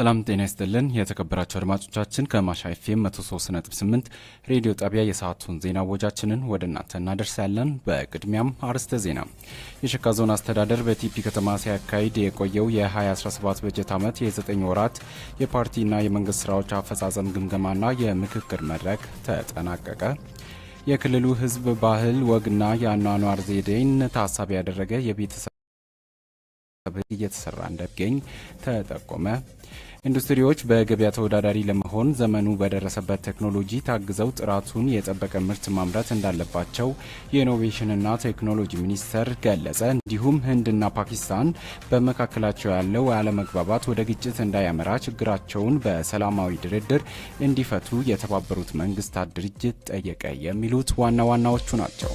ሰላም ጤና ይስጥልን። የተከበራቸው አድማጮቻችን ከማሻ ኤፍኤም 103.8 ሬዲዮ ጣቢያ የሰዓቱን ዜና ወጃችንን ወደ እናንተ እናደርሳለን። በቅድሚያም አርዕስተ ዜና። የሸካ ዞን አስተዳደር በቲፒ ከተማ ሲያካሂድ የቆየው የ2017 በጀት ዓመት የ9 ወራት የፓርቲና የመንግሥት ሥራዎች አፈጻጸም ግምገማና የምክክር መድረክ ተጠናቀቀ። የክልሉ ሕዝብ ባህል፣ ወግና የአኗኗር ዘዴን ታሳቢ ያደረገ የቤተሰብ እየተሰራ እንደሚገኝ ተጠቆመ። ኢንዱስትሪዎች በገበያ ተወዳዳሪ ለመሆን ዘመኑ በደረሰበት ቴክኖሎጂ ታግዘው ጥራቱን የጠበቀ ምርት ማምረት እንዳለባቸው የኢኖቬሽንና ቴክኖሎጂ ሚኒስቴር ገለጸ። እንዲሁም ህንድና ፓኪስታን በመካከላቸው ያለው አለመግባባት ወደ ግጭት እንዳያመራ ችግራቸውን በሰላማዊ ድርድር እንዲፈቱ የተባበሩት መንግስታት ድርጅት ጠየቀ። የሚሉት ዋና ዋናዎቹ ናቸው።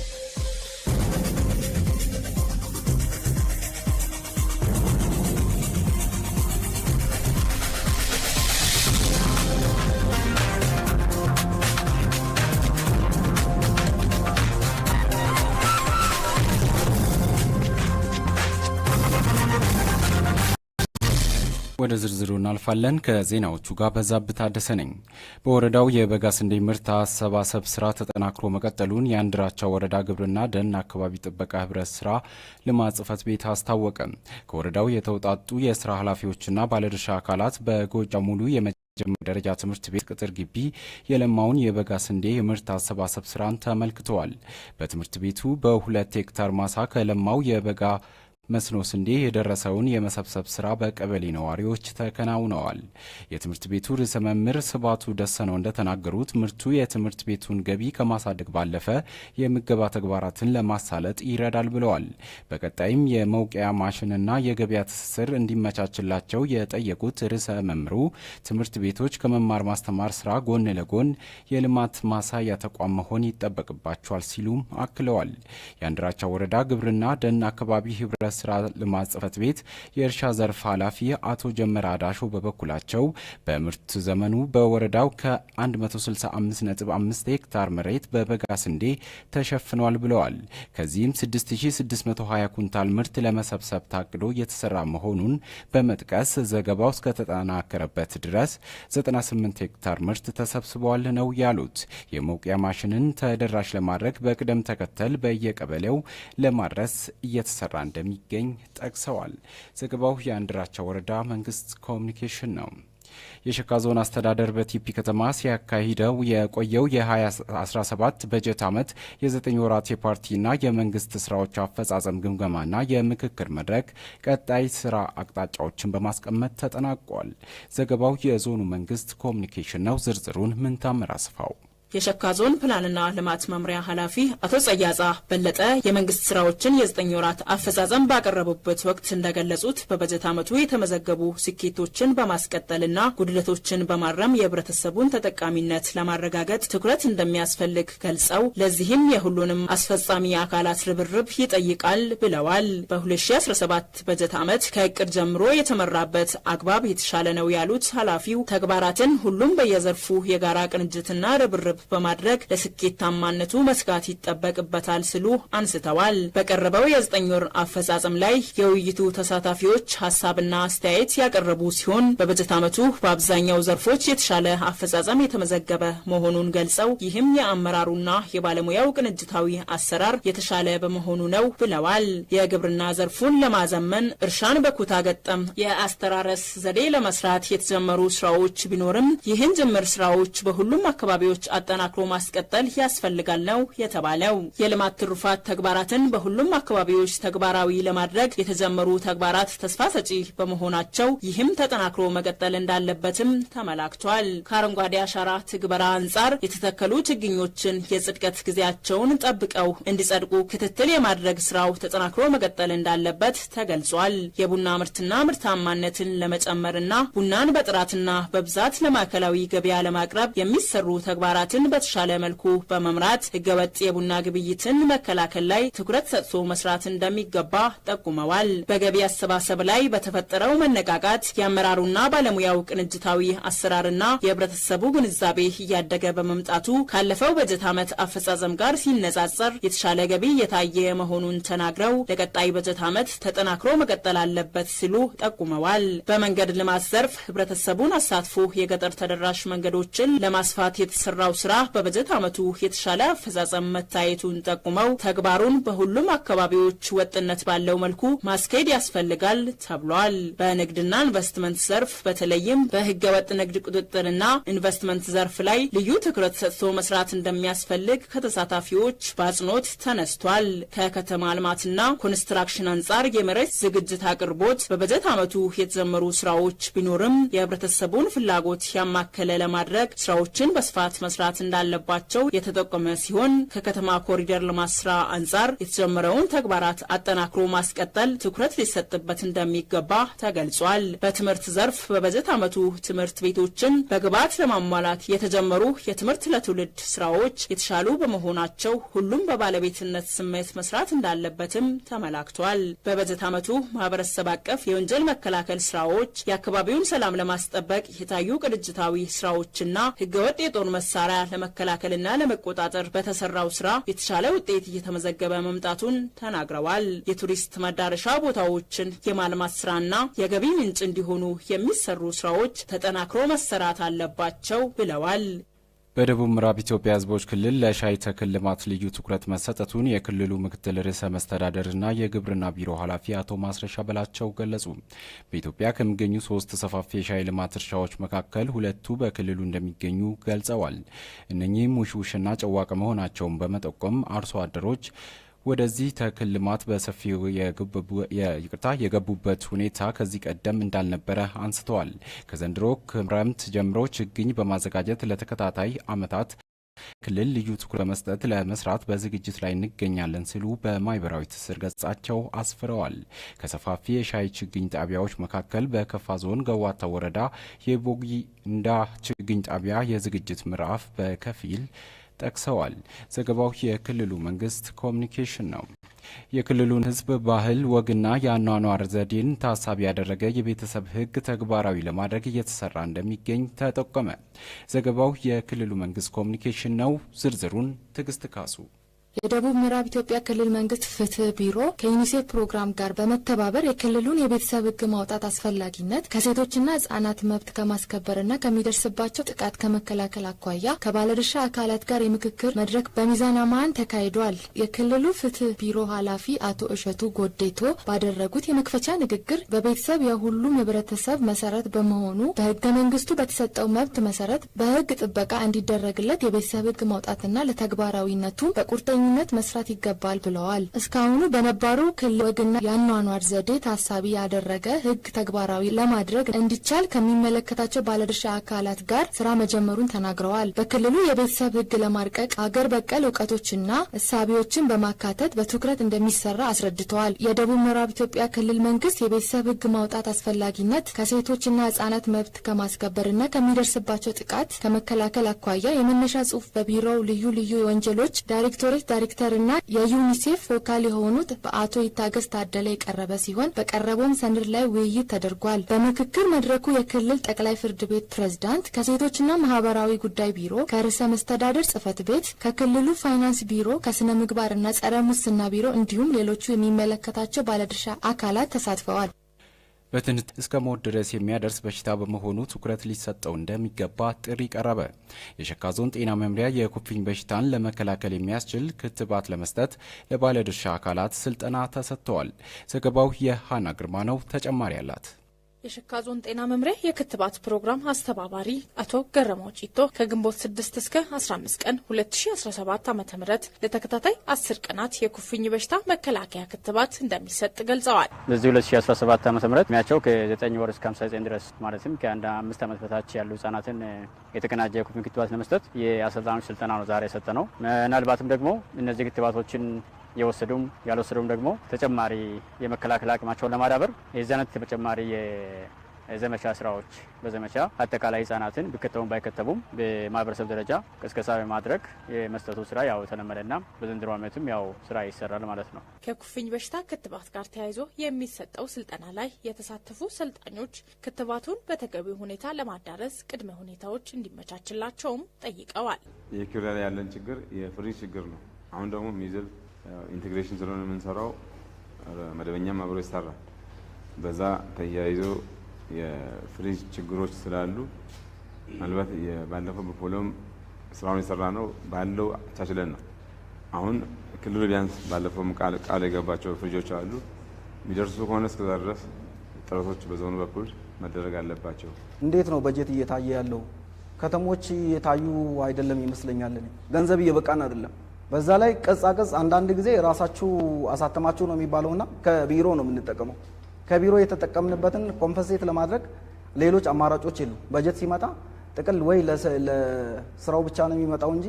ወደ ዝርዝሩ እናልፋለን። ከዜናዎቹ ጋር በዛብህ ታደሰ ነኝ። በወረዳው የበጋ ስንዴ ምርት አሰባሰብ ስራ ተጠናክሮ መቀጠሉን የአንድራቻ ወረዳ ግብርና ደን አካባቢ ጥበቃ ህብረት ስራ ልማት ጽሕፈት ቤት አስታወቀ። ከወረዳው የተውጣጡ የስራ ኃላፊዎችና ባለድርሻ አካላት በጎጃም ሙሉ የመጀመሪያ ደረጃ ትምህርት ቤት ቅጥር ግቢ የለማውን የበጋ ስንዴ የምርት አሰባሰብ ስራን ተመልክተዋል። በትምህርት ቤቱ በሁለት ሄክታር ማሳ ከለማው የበጋ መስኖ ስንዴ የደረሰውን የመሰብሰብ ስራ በቀበሌ ነዋሪዎች ተከናውነዋል። የትምህርት ቤቱ ርዕሰ መምህር ስባቱ ደሰነው እንደተናገሩት ምርቱ የትምህርት ቤቱን ገቢ ከማሳደግ ባለፈ የምገባ ተግባራትን ለማሳለጥ ይረዳል ብለዋል። በቀጣይም የመውቂያ ማሽንና የገበያ ትስስር እንዲመቻችላቸው የጠየቁት ርዕሰ መምህሩ ትምህርት ቤቶች ከመማር ማስተማር ስራ ጎን ለጎን የልማት ማሳያ ተቋም መሆን ይጠበቅባቸዋል ሲሉም አክለዋል። የአንድራቻ ወረዳ ግብርና ደን አካባቢ ህብረ የልማት ስራ ልማት ጽህፈት ቤት የእርሻ ዘርፍ ኃላፊ አቶ ጀመር አዳሾ በበኩላቸው በምርት ዘመኑ በወረዳው ከ165.5 ሄክታር መሬት በበጋ ስንዴ ተሸፍኗል ብለዋል። ከዚህም 6620 ኩንታል ምርት ለመሰብሰብ ታቅዶ የተሰራ መሆኑን በመጥቀስ ዘገባው እስከተጠናከረበት ድረስ 98 ሄክታር ምርት ተሰብስበዋል ነው ያሉት። የመውቂያ ማሽንን ተደራሽ ለማድረግ በቅደም ተከተል በየቀበሌው ለማድረስ እየተሰራ እንደሚ እንደሚገኝ ጠቅሰዋል። ዘገባው የአንድራቻ ወረዳ መንግስት ኮሚኒኬሽን ነው። የሸካ ዞን አስተዳደር በቲፒ ከተማ ሲያካሂደው የቆየው የ2017 በጀት ዓመት የዘጠኝ ወራት የፓርቲና የመንግስት ስራዎች አፈጻጸም ግምገማና የምክክር መድረክ ቀጣይ ስራ አቅጣጫዎችን በማስቀመጥ ተጠናቋል። ዘገባው የዞኑ መንግስት ኮሚኒኬሽን ነው። ዝርዝሩን ምንታምር አስፋው የሸካ ዞን ፕላንና ልማት መምሪያ ኃላፊ አቶ ጸያጻ በለጠ የመንግስት ስራዎችን የዘጠኝ ወራት አፈጻጸም ባቀረቡበት ወቅት እንደገለጹት በበጀት ዓመቱ የተመዘገቡ ስኬቶችን በማስቀጠልና ጉድለቶችን በማረም የህብረተሰቡን ተጠቃሚነት ለማረጋገጥ ትኩረት እንደሚያስፈልግ ገልጸው ለዚህም የሁሉንም አስፈጻሚ አካላት ርብርብ ይጠይቃል ብለዋል። በ2017 በጀት ዓመት ከእቅድ ጀምሮ የተመራበት አግባብ የተሻለ ነው ያሉት ኃላፊው ተግባራትን ሁሉም በየዘርፉ የጋራ ቅንጅትና ርብርብ በማድረግ ለስኬታማነቱ መስጋት ይጠበቅበታል ሲሉ አንስተዋል። በቀረበው የዘጠኝ ወር አፈጻጸም ላይ የውይይቱ ተሳታፊዎች ሀሳብና አስተያየት ያቀረቡ ሲሆን በበጀት ዓመቱ በአብዛኛው ዘርፎች የተሻለ አፈጻጸም የተመዘገበ መሆኑን ገልጸው ይህም የአመራሩና የባለሙያው ቅንጅታዊ አሰራር የተሻለ በመሆኑ ነው ብለዋል። የግብርና ዘርፉን ለማዘመን እርሻን በኩታ ገጠም የአስተራረስ ዘዴ ለመስራት የተጀመሩ ስራዎች ቢኖርም ይህን ጅምር ስራዎች በሁሉም አካባቢዎች አጠናክሮ ማስቀጠል ያስፈልጋል ነው የተባለው። የልማት ትሩፋት ተግባራትን በሁሉም አካባቢዎች ተግባራዊ ለማድረግ የተጀመሩ ተግባራት ተስፋ ሰጪ በመሆናቸው ይህም ተጠናክሮ መቀጠል እንዳለበትም ተመላክቷል። ከአረንጓዴ አሻራ ትግበራ አንጻር የተተከሉ ችግኞችን የጽድቀት ጊዜያቸውን ጠብቀው እንዲጸድቁ ክትትል የማድረግ ስራው ተጠናክሮ መቀጠል እንዳለበት ተገልጿል። የቡና ምርትና ምርታማነትን ለመጨመርና ቡናን በጥራትና በብዛት ለማዕከላዊ ገበያ ለማቅረብ የሚሰሩ ተግባራት ግብይትን በተሻለ መልኩ በመምራት ህገወጥ የቡና ግብይትን መከላከል ላይ ትኩረት ሰጥቶ መስራት እንደሚገባ ጠቁመዋል። በገቢ አሰባሰብ ላይ በተፈጠረው መነቃቃት የአመራሩና ባለሙያው ቅንጅታዊ አሰራርና የህብረተሰቡ ግንዛቤ እያደገ በመምጣቱ ካለፈው በጀት ዓመት አፈጻጸም ጋር ሲነጻጸር የተሻለ ገቢ የታየ መሆኑን ተናግረው ለቀጣይ በጀት ዓመት ተጠናክሮ መቀጠል አለበት ሲሉ ጠቁመዋል። በመንገድ ልማት ዘርፍ ህብረተሰቡን አሳትፎ የገጠር ተደራሽ መንገዶችን ለማስፋት የተሰራው ስራ በበጀት ዓመቱ የተሻለ አፈጻጸም መታየቱን ጠቁመው ተግባሩን በሁሉም አካባቢዎች ወጥነት ባለው መልኩ ማስኬድ ያስፈልጋል ተብሏል። በንግድና ኢንቨስትመንት ዘርፍ በተለይም በህገ ወጥ ንግድ ቁጥጥርና ኢንቨስትመንት ዘርፍ ላይ ልዩ ትኩረት ሰጥቶ መስራት እንደሚያስፈልግ ከተሳታፊዎች በአጽንኦት ተነስቷል። ከከተማ ልማትና ኮንስትራክሽን አንጻር የመሬት ዝግጅት አቅርቦት በበጀት ዓመቱ የተጀመሩ ስራዎች ቢኖርም የህብረተሰቡን ፍላጎት ያማከለ ለማድረግ ስራዎችን በስፋት መስራት መስራት እንዳለባቸው የተጠቆመ ሲሆን ከከተማ ኮሪደር ልማት ስራ አንጻር የተጀመረውን ተግባራት አጠናክሮ ማስቀጠል ትኩረት ሊሰጥበት እንደሚገባ ተገልጿል። በትምህርት ዘርፍ በበጀት ዓመቱ ትምህርት ቤቶችን በግብዓት ለማሟላት የተጀመሩ የትምህርት ለትውልድ ስራዎች የተሻሉ በመሆናቸው ሁሉም በባለቤትነት ስሜት መስራት እንዳለበትም ተመላክቷል። በበጀት ዓመቱ ማህበረሰብ አቀፍ የወንጀል መከላከል ስራዎች፣ የአካባቢውን ሰላም ለማስጠበቅ የታዩ ቅንጅታዊ ስራዎችና ህገወጥ የጦር መሳሪያ ለመከላከልና ለመቆጣጠር በተሰራው ስራ የተሻለ ውጤት እየተመዘገበ መምጣቱን ተናግረዋል። የቱሪስት መዳረሻ ቦታዎችን የማልማት ስራና የገቢ ምንጭ እንዲሆኑ የሚሰሩ ስራዎች ተጠናክሮ መሰራት አለባቸው ብለዋል። በደቡብ ምዕራብ ኢትዮጵያ ህዝቦች ክልል ለሻይ ተክል ልማት ልዩ ትኩረት መሰጠቱን የክልሉ ምክትል ርዕሰ መስተዳደርና የግብርና ቢሮ ኃላፊ አቶ ማስረሻ በላቸው ገለጹ። በኢትዮጵያ ከሚገኙ ሶስት ሰፋፊ የሻይ ልማት እርሻዎች መካከል ሁለቱ በክልሉ እንደሚገኙ ገልጸዋል። እነኚህም ውሽውሽና ጨዋቅ መሆናቸውን በመጠቆም አርሶ አደሮች ወደዚህ ተክል ልማት በሰፊው ይቅርታ የገቡበት ሁኔታ ከዚህ ቀደም እንዳልነበረ አንስተዋል። ከዘንድሮ ክረምት ጀምሮ ችግኝ በማዘጋጀት ለተከታታይ ዓመታት ክልል ልዩ ትኩረት በመስጠት ለመስራት በዝግጅት ላይ እንገኛለን ሲሉ በማህበራዊ ትስስር ገጻቸው አስፍረዋል። ከሰፋፊ የሻይ ችግኝ ጣቢያዎች መካከል በከፋ ዞን ገዋታ ወረዳ የቦጊ እንዳ ችግኝ ጣቢያ የዝግጅት ምዕራፍ በከፊል ጠቅሰዋል። ዘገባው የክልሉ መንግስት ኮሚኒኬሽን ነው። የክልሉን ህዝብ ባህል፣ ወግና የአኗኗር ዘዴን ታሳቢ ያደረገ የቤተሰብ ህግ ተግባራዊ ለማድረግ እየተሰራ እንደሚገኝ ተጠቆመ። ዘገባው የክልሉ መንግስት ኮሚኒኬሽን ነው። ዝርዝሩን ትዕግስት ካሱ የደቡብ ምዕራብ ኢትዮጵያ ክልል መንግስት ፍትህ ቢሮ ከዩኒሴፍ ፕሮግራም ጋር በመተባበር የክልሉን የቤተሰብ ህግ ማውጣት አስፈላጊነት ከሴቶችና ህጻናት መብት ከማስከበርና ከሚደርስባቸው ጥቃት ከመከላከል አኳያ ከባለድርሻ አካላት ጋር የምክክር መድረክ በሚዛን አማን ተካሂዷል። የክልሉ ፍትህ ቢሮ ኃላፊ አቶ እሸቱ ጎዴቶ ባደረጉት የመክፈቻ ንግግር በቤተሰብ የሁሉም ህብረተሰብ መሰረት በመሆኑ በህገ መንግስቱ በተሰጠው መብት መሰረት በህግ ጥበቃ እንዲደረግለት የቤተሰብ ህግ ማውጣትና ለተግባራዊነቱ በቁርጠኛ ግንኙነት መስራት ይገባል ብለዋል። እስካሁኑ በነባሩ ክልል ወግና የአኗኗር ዘዴ ታሳቢ ያደረገ ሕግ ተግባራዊ ለማድረግ እንዲቻል ከሚመለከታቸው ባለድርሻ አካላት ጋር ስራ መጀመሩን ተናግረዋል። በክልሉ የቤተሰብ ሕግ ለማርቀቅ አገር በቀል እውቀቶችና እሳቢዎችን በማካተት በትኩረት እንደሚሰራ አስረድተዋል። የደቡብ ምዕራብ ኢትዮጵያ ክልል መንግስት የቤተሰብ ሕግ ማውጣት አስፈላጊነት ከሴቶችና ህጻናት መብት ከማስከበርና ከሚደርስባቸው ጥቃት ከመከላከል አኳያ የመነሻ ጽሁፍ በቢሮው ልዩ ልዩ ወንጀሎች ዳይሬክቶሬት ዳይሬክተርና የዩኒሴፍ ወካል የሆኑት በአቶ ይታገስ ታደለ የቀረበ ሲሆን በቀረበውም ሰነድ ላይ ውይይት ተደርጓል። በምክክር መድረኩ የክልል ጠቅላይ ፍርድ ቤት ፕሬዝዳንት ከሴቶችና ማህበራዊ ጉዳይ ቢሮ፣ ከርዕሰ መስተዳደር ጽህፈት ቤት፣ ከክልሉ ፋይናንስ ቢሮ፣ ከስነ ምግባርና ጸረ ሙስና ቢሮ እንዲሁም ሌሎቹ የሚመለከታቸው ባለድርሻ አካላት ተሳትፈዋል። በትንት እስከ ሞት ድረስ የሚያደርስ በሽታ በመሆኑ ትኩረት ሊሰጠው እንደሚገባ ጥሪ ቀረበ። የሸካ ዞን ጤና መምሪያ የኩፍኝ በሽታን ለመከላከል የሚያስችል ክትባት ለመስጠት ለባለድርሻ አካላት ስልጠና ተሰጥተዋል። ዘገባው የሃና ግርማ ነው። ተጨማሪ አላት የሸካ ዞን ጤና መምሪያ የክትባት ፕሮግራም አስተባባሪ አቶ ገረማው ጪቶ ከግንቦት 6 እስከ 15 ቀን 2017 ዓ.ም ለተከታታይ 10 ቀናት የኩፍኝ በሽታ መከላከያ ክትባት እንደሚሰጥ ገልጸዋል። በዚህ 2017 ዓ.ም ዕድሜያቸው ከ9 ወር እስከ 59 ድረስ ማለትም ከአንድ አምስት ዓመት በታች ያሉ ህጻናትን የተቀናጀ የኩፍኝ ክትባት ለመስጠት የአሰልጣኞች ስልጠና ነው ዛሬ የሰጠ ነው። ምናልባትም ደግሞ እነዚህ ክትባቶችን የወሰዱም ያልወሰዱም ደግሞ ተጨማሪ የመከላከል አቅማቸውን ለማዳበር የዚህ ተጨማሪ የዘመቻ ስራዎች በዘመቻ አጠቃላይ ህጻናትን ቢከተቡም ባይከተቡም በማህበረሰብ ደረጃ ቅስቀሳ በማድረግ የመስጠቱ ስራ ያው የተለመደና በዘንድሮ ዓመትም ያው ስራ ይሰራል ማለት ነው። ከኩፍኝ በሽታ ክትባት ጋር ተያይዞ የሚሰጠው ስልጠና ላይ የተሳተፉ ሰልጣኞች ክትባቱን በተገቢ ሁኔታ ለማዳረስ ቅድመ ሁኔታዎች እንዲመቻችላቸውም ጠይቀዋል። የኪውላላ ያለን ችግር የፍሪ ችግር ነው። አሁን ደግሞ ሚዝል ኢንቴግሬሽን ስለሆነ የምንሰራው መደበኛም አብሮ ይሰራል። በዛ ተያይዞ የፍሪጅ ችግሮች ስላሉ ምናልባት ባለፈው በፖሎም ስራውን የሰራ ነው ባለው ቻችለን ነው። አሁን ክልሉ ቢያንስ ባለፈውም ቃል የገባቸው ፍሪጆች አሉ የሚደርሱ ከሆነ እስከዛ ድረስ ጥረቶች በዞኑ በኩል መደረግ አለባቸው። እንዴት ነው በጀት እየታየ ያለው? ከተሞች እየታዩ አይደለም ይመስለኛል። ገንዘብ እየበቃን አይደለም። በዛ ላይ ቅጻ አንዳንድ ጊዜ ራሳችሁ አሳተማችሁ ነው የሚባለውና ከቢሮ ነው የምንጠቀመው። ከቢሮ የተጠቀምንበትን ኮምፐንሴት ለማድረግ ሌሎች አማራጮች የሉ። በጀት ሲመጣ ጥቅል ወይ ለስራው ብቻ ነው የሚመጣው እንጂ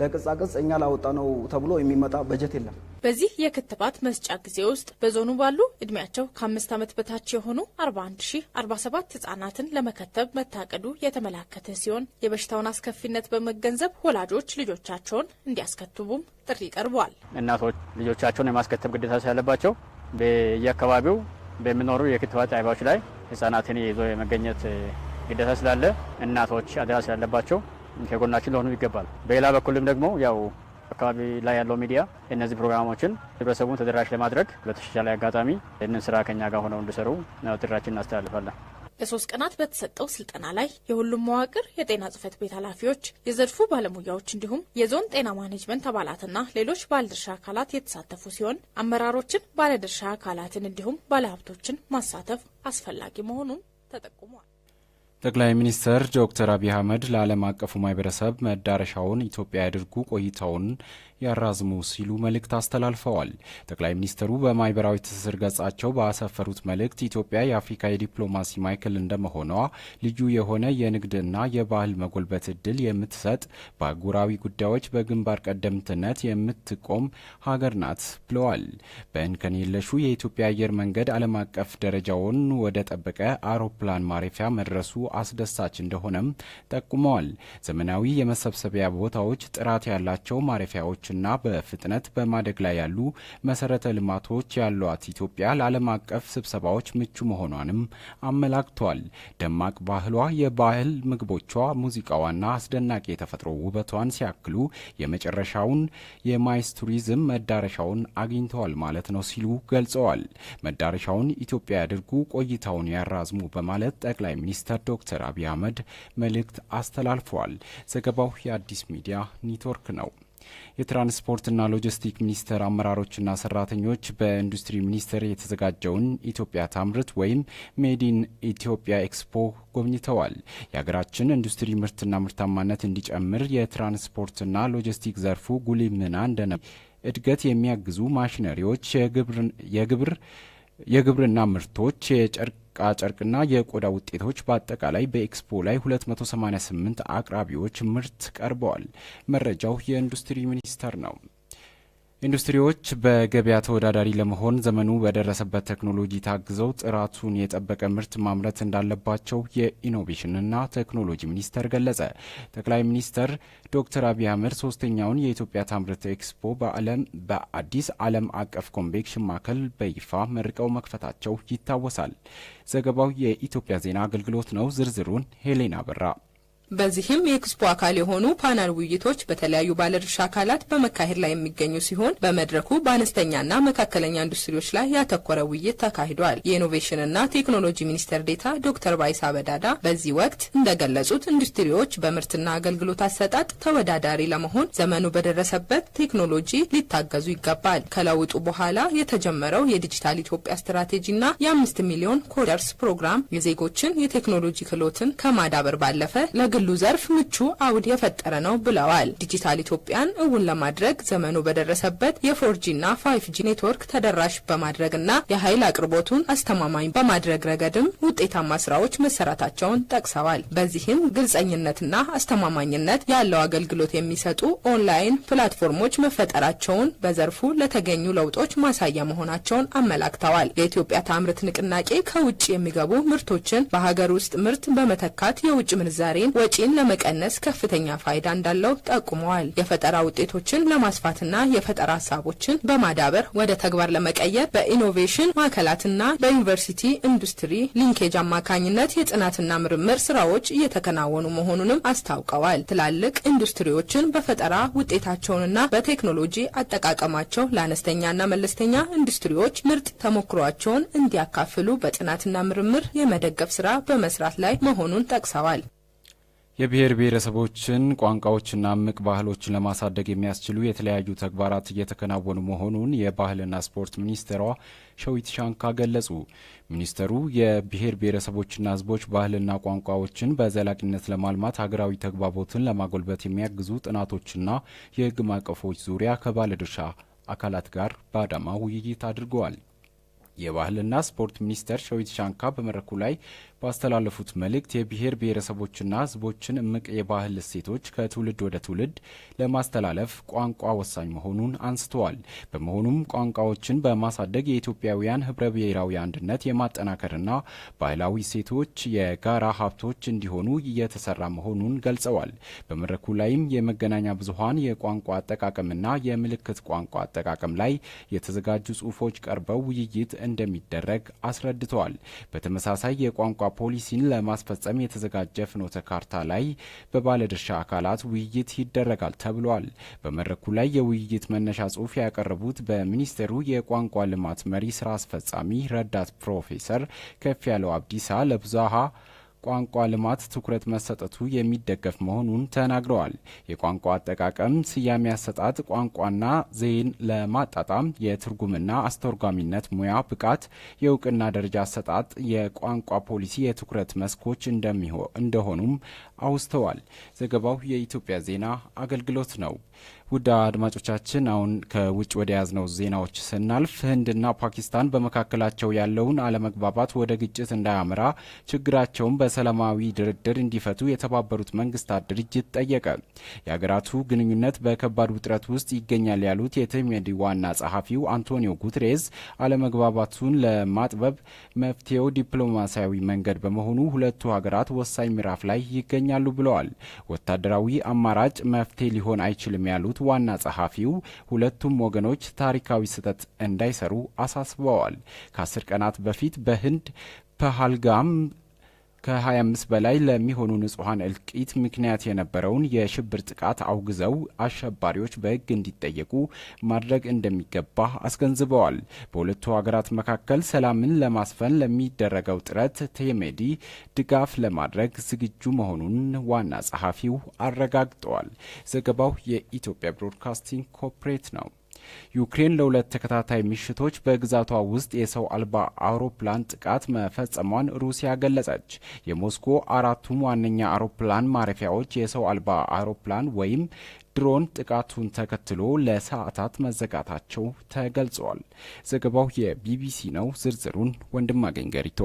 ለቅጻቅጽ እኛ ላወጣ ነው ተብሎ የሚመጣ በጀት የለም። በዚህ የክትባት መስጫ ጊዜ ውስጥ በዞኑ ባሉ እድሜያቸው ከአምስት ዓመት በታች የሆኑ 41047 ህጻናትን ለመከተብ መታቀዱ የተመላከተ ሲሆን የበሽታውን አስከፊነት በመገንዘብ ወላጆች ልጆቻቸውን እንዲያስከትቡም ጥሪ ቀርቧል። እናቶች ልጆቻቸውን የማስከተብ ግዴታ ስላለባቸው በየአካባቢው በሚኖሩ የክትባት ጣቢያዎች ላይ ህጻናትን ይዞ የመገኘት ግዴታ ስላለ እናቶች አደራ ስላለባቸው ከጎናችን ለሆኑ ይገባል። በሌላ በኩልም ደግሞ ያው አካባቢ ላይ ያለው ሚዲያ እነዚህ ፕሮግራሞችን ህብረተሰቡን ተደራሽ ለማድረግ በተሻሻለ አጋጣሚ ይህንን ስራ ከኛ ጋር ሆነው እንዲሰሩ ጥሪያችን እናስተላልፋለን። ለሶስት ቀናት በተሰጠው ስልጠና ላይ የሁሉም መዋቅር የጤና ጽህፈት ቤት ኃላፊዎች፣ የዘርፉ ባለሙያዎች እንዲሁም የዞን ጤና ማኔጅመንት አባላትና ሌሎች ባለድርሻ አካላት የተሳተፉ ሲሆን አመራሮችን፣ ባለድርሻ አካላትን እንዲሁም ባለሀብቶችን ማሳተፍ አስፈላጊ መሆኑም ተጠቁሟል። ጠቅላይ ሚኒስትር ዶክተር አብይ አህመድ ለዓለም አቀፉ ማህበረሰብ መዳረሻውን ኢትዮጵያ ያድርጉ ቆይታውን ያራዝሙ ሲሉ መልእክት አስተላልፈዋል። ጠቅላይ ሚኒስትሩ በማህበራዊ ትስስር ገጻቸው ባሰፈሩት መልእክት ኢትዮጵያ የአፍሪካ የዲፕሎማሲ ማዕከል እንደመሆኗ ልዩ የሆነ የንግድና የባህል መጎልበት እድል የምትሰጥ በአህጉራዊ ጉዳዮች በግንባር ቀደምትነት የምትቆም ሀገር ናት ብለዋል። በእንከን የለሹ የኢትዮጵያ አየር መንገድ ዓለም አቀፍ ደረጃውን ወደ ጠበቀ አውሮፕላን ማረፊያ መድረሱ አስደሳች እንደሆነም ጠቁመዋል። ዘመናዊ የመሰብሰቢያ ቦታዎች፣ ጥራት ያላቸው ማረፊያዎች ሀብቶችና በፍጥነት በማደግ ላይ ያሉ መሰረተ ልማቶች ያሏት ኢትዮጵያ ለዓለም አቀፍ ስብሰባዎች ምቹ መሆኗንም አመላክቷል። ደማቅ ባህሏ፣ የባህል ምግቦቿ፣ ሙዚቃዋና አስደናቂ የተፈጥሮ ውበቷን ሲያክሉ የመጨረሻውን የማይስ ቱሪዝም መዳረሻውን አግኝተዋል ማለት ነው ሲሉ ገልጸዋል። መዳረሻውን ኢትዮጵያ ያድርጉ፣ ቆይታውን ያራዝሙ በማለት ጠቅላይ ሚኒስትር ዶክተር አብይ አህመድ መልእክት አስተላልፈዋል። ዘገባው የአዲስ ሚዲያ ኔትወርክ ነው። የትራንስፖርትና ሎጂስቲክ ሚኒስቴር አመራሮችና ሰራተኞች በኢንዱስትሪ ሚኒስቴር የተዘጋጀውን ኢትዮጵያ ታምርት ወይም ሜዲን ኢትዮጵያ ኤክስፖ ጎብኝተዋል። የሀገራችን ኢንዱስትሪ ምርትና ምርታማነት እንዲጨምር የትራንስፖርትና ሎጂስቲክ ዘርፉ ጉልህ ሚና እንደነ እድገት የሚያግዙ ማሽነሪዎች፣ የግብርና ምርቶች፣ የጨርቅ የጨርቃ ጨርቅና የቆዳ ውጤቶች በአጠቃላይ በኤክስፖ ላይ 288 አቅራቢዎች ምርት ቀርበዋል። መረጃው የኢንዱስትሪ ሚኒስቴር ነው። ኢንዱስትሪዎች በገበያ ተወዳዳሪ ለመሆን ዘመኑ በደረሰበት ቴክኖሎጂ ታግዘው ጥራቱን የጠበቀ ምርት ማምረት እንዳለባቸው የኢኖቬሽንና ቴክኖሎጂ ሚኒስቴር ገለጸ። ጠቅላይ ሚኒስትር ዶክተር አብይ አህመድ ሶስተኛውን የኢትዮጵያ ታምርት ኤክስፖ በዓለም በአዲስ ዓለም አቀፍ ኮንቬንሽን ማዕከል በይፋ መርቀው መክፈታቸው ይታወሳል። ዘገባው የኢትዮጵያ ዜና አገልግሎት ነው። ዝርዝሩን ሄሌና በራ በዚህም የኤክስፖ አካል የሆኑ ፓናል ውይይቶች በተለያዩ ባለድርሻ አካላት በመካሄድ ላይ የሚገኙ ሲሆን በመድረኩ በአነስተኛና መካከለኛ ኢንዱስትሪዎች ላይ ያተኮረ ውይይት ተካሂዷል። የኢኖቬሽንና ቴክኖሎጂ ሚኒስቴር ዴታ ዶክተር ባይሳ በዳዳ በዚህ ወቅት እንደገለጹት ኢንዱስትሪዎች በምርትና አገልግሎት አሰጣጥ ተወዳዳሪ ለመሆን ዘመኑ በደረሰበት ቴክኖሎጂ ሊታገዙ ይገባል። ከለውጡ በኋላ የተጀመረው የዲጂታል ኢትዮጵያ ስትራቴጂና የአምስት ሚሊዮን ኮደርስ ፕሮግራም የዜጎችን የቴክኖሎጂ ክህሎትን ከማዳበር ባለፈ ለግሉ ዘርፍ ምቹ አውድ የፈጠረ ነው ብለዋል። ዲጂታል ኢትዮጵያን እውን ለማድረግ ዘመኑ በደረሰበት የፎርጂና ፋይፍ ፋይፍጂ ኔትወርክ ተደራሽ በማድረግና የኃይል አቅርቦቱን አስተማማኝ በማድረግ ረገድም ውጤታማ ስራዎች መሰራታቸውን ጠቅሰዋል። በዚህም ግልጸኝነትና አስተማማኝነት ያለው አገልግሎት የሚሰጡ ኦንላይን ፕላትፎርሞች መፈጠራቸውን በዘርፉ ለተገኙ ለውጦች ማሳያ መሆናቸውን አመላክተዋል። የኢትዮጵያ ታምርት ንቅናቄ ከውጭ የሚገቡ ምርቶችን በሀገር ውስጥ ምርት በመተካት የውጭ ምንዛሬን ወጪን ለመቀነስ ከፍተኛ ፋይዳ እንዳለው ጠቁመዋል። የፈጠራ ውጤቶችን ለማስፋትና የፈጠራ ሀሳቦችን በማዳበር ወደ ተግባር ለመቀየር በኢኖቬሽን ማዕከላትና በዩኒቨርሲቲ ኢንዱስትሪ ሊንኬጅ አማካኝነት የጥናትና ምርምር ስራዎች እየተከናወኑ መሆኑንም አስታውቀዋል። ትላልቅ ኢንዱስትሪዎችን በፈጠራ ውጤታቸውንና በቴክኖሎጂ አጠቃቀማቸው ለአነስተኛና መለስተኛ ኢንዱስትሪዎች ምርጥ ተሞክሯቸውን እንዲያካፍሉ በጥናትና ምርምር የመደገፍ ስራ በመስራት ላይ መሆኑን ጠቅሰዋል። የብሔር ብሔረሰቦችን ቋንቋዎችና እምቅ ባህሎችን ለማሳደግ የሚያስችሉ የተለያዩ ተግባራት እየተከናወኑ መሆኑን የባህልና ስፖርት ሚኒስትሯ ሸዊት ሻንካ ገለጹ። ሚኒስተሩ የብሔር ብሔረሰቦችና ሕዝቦች ባህልና ቋንቋዎችን በዘላቂነት ለማልማት ሀገራዊ ተግባቦትን ለማጎልበት የሚያግዙ ጥናቶችና የሕግ ማዕቀፎች ዙሪያ ከባለድርሻ አካላት ጋር በአዳማ ውይይት አድርገዋል። የባህልና ስፖርት ሚኒስተር ሸዊት ሻንካ በመድረኩ ላይ ባስተላለፉት መልእክት የብሔር ብሔረሰቦችና ህዝቦችን እምቅ የባህል እሴቶች ከትውልድ ወደ ትውልድ ለማስተላለፍ ቋንቋ ወሳኝ መሆኑን አንስተዋል። በመሆኑም ቋንቋዎችን በማሳደግ የኢትዮጵያውያን ህብረ ብሔራዊ አንድነት የማጠናከርና ባህላዊ እሴቶች የጋራ ሀብቶች እንዲሆኑ እየተሰራ መሆኑን ገልጸዋል። በመድረኩ ላይም የመገናኛ ብዙሀን የቋንቋ አጠቃቀምና የምልክት ቋንቋ አጠቃቀም ላይ የተዘጋጁ ጽሁፎች ቀርበው ውይይት እንደሚደረግ አስረድተዋል። በተመሳሳይ የቋንቋ ፖሊሲን ለማስፈጸም የተዘጋጀ ፍኖተ ካርታ ላይ በባለድርሻ አካላት ውይይት ይደረጋል ተብሏል። በመድረኩ ላይ የውይይት መነሻ ጽሑፍ ያቀረቡት በሚኒስቴሩ የቋንቋ ልማት መሪ ስራ አስፈጻሚ ረዳት ፕሮፌሰር ከፍ ያለው አብዲሳ ለብዙሃ ቋንቋ ልማት ትኩረት መሰጠቱ የሚደገፍ መሆኑን ተናግረዋል። የቋንቋ አጠቃቀም፣ ስያሜ አሰጣጥ፣ ቋንቋና ዘይን ለማጣጣም የትርጉምና አስተርጓሚነት ሙያ ብቃት፣ የእውቅና ደረጃ አሰጣጥ የቋንቋ ፖሊሲ የትኩረት መስኮች እንደሆኑም አውስተዋል። ዘገባው የኢትዮጵያ ዜና አገልግሎት ነው። ውድ አድማጮቻችን አሁን ከውጭ ወደ ያዝነው ዜናዎች ስናልፍ ህንድና ፓኪስታን በመካከላቸው ያለውን አለመግባባት ወደ ግጭት እንዳያመራ ችግራቸውን በሰላማዊ ድርድር እንዲፈቱ የተባበሩት መንግስታት ድርጅት ጠየቀ። የሀገራቱ ግንኙነት በከባድ ውጥረት ውስጥ ይገኛል ያሉት የተመድ ዋና ጸሐፊው አንቶኒዮ ጉትሬዝ አለመግባባቱን ለማጥበብ መፍትሄው ዲፕሎማሲያዊ መንገድ በመሆኑ ሁለቱ ሀገራት ወሳኝ ምዕራፍ ላይ ይገኛሉ ብለዋል። ወታደራዊ አማራጭ መፍትሄ ሊሆን አይችልም ያሉት ያሉት ዋና ጸሐፊው ሁለቱም ወገኖች ታሪካዊ ስህተት እንዳይሰሩ አሳስበዋል። ከአስር ቀናት በፊት በህንድ ፐሃልጋም ከ25 በላይ ለሚሆኑ ንጹሐን እልቂት ምክንያት የነበረውን የሽብር ጥቃት አውግዘው አሸባሪዎች በሕግ እንዲጠየቁ ማድረግ እንደሚገባ አስገንዝበዋል። በሁለቱ ሀገራት መካከል ሰላምን ለማስፈን ለሚደረገው ጥረት ቴሜዲ ድጋፍ ለማድረግ ዝግጁ መሆኑን ዋና ጸሐፊው አረጋግጠዋል። ዘገባው የኢትዮጵያ ብሮድካስቲንግ ኮርፖሬት ነው። ዩክሬን ለሁለት ተከታታይ ምሽቶች በግዛቷ ውስጥ የሰው አልባ አውሮፕላን ጥቃት መፈጸሟን ሩሲያ ገለጸች። የሞስኮ አራቱም ዋነኛ አውሮፕላን ማረፊያዎች የሰው አልባ አውሮፕላን ወይም ድሮን ጥቃቱን ተከትሎ ለሰዓታት መዘጋታቸው ተገልጿል። ዘገባው የቢቢሲ ነው። ዝርዝሩን ወንድማገኝ ገሪቶ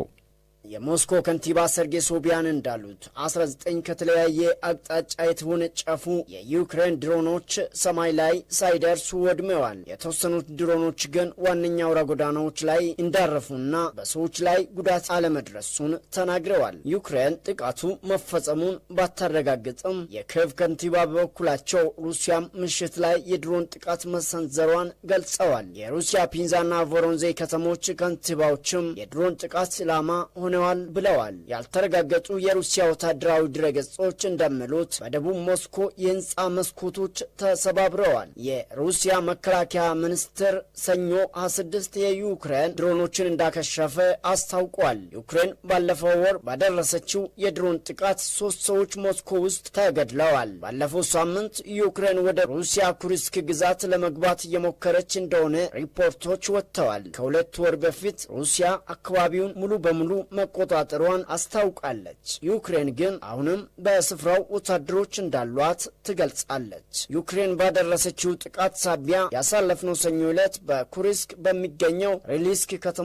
የሞስኮ ከንቲባ ሰርጌ ሶቢያን እንዳሉት 19 ከተለያየ አቅጣጫ የተወነጨፉ የዩክሬን ድሮኖች ሰማይ ላይ ሳይደርሱ ወድመዋል። የተወሰኑት ድሮኖች ግን ዋነኛ አውራ ጎዳናዎች ላይ እንዳረፉና በሰዎች ላይ ጉዳት አለመድረሱን ተናግረዋል። ዩክሬን ጥቃቱ መፈጸሙን ባታረጋግጥም የክብ ከንቲባ በበኩላቸው ሩሲያም ምሽት ላይ የድሮን ጥቃት መሰንዘሯን ገልጸዋል። የሩሲያ ፒንዛና ቮሮንዜ ከተሞች ከንቲባዎችም የድሮን ጥቃት ኢላማ ሆነው ሆነዋል ብለዋል። ያልተረጋገጡ የሩሲያ ወታደራዊ ድረገጾች እንደሚሉት በደቡብ ሞስኮ የህንፃ መስኮቶች ተሰባብረዋል። የሩሲያ መከላከያ ሚኒስትር ሰኞ 26 የዩክሬን ድሮኖችን እንዳከሸፈ አስታውቋል። ዩክሬን ባለፈው ወር ባደረሰችው የድሮን ጥቃት ሶስት ሰዎች ሞስኮ ውስጥ ተገድለዋል። ባለፈው ሳምንት ዩክሬን ወደ ሩሲያ ኩሪስክ ግዛት ለመግባት እየሞከረች እንደሆነ ሪፖርቶች ወጥተዋል። ከሁለት ወር በፊት ሩሲያ አካባቢውን ሙሉ በሙሉ መ መቆጣጠሯን አስታውቃለች። ዩክሬን ግን አሁንም በስፍራው ወታደሮች እንዳሏት ትገልጻለች። ዩክሬን ባደረሰችው ጥቃት ሳቢያ ያሳለፍነው ሰኞ ዕለት በኩሪስክ በሚገኘው ሪሊስክ ከተማ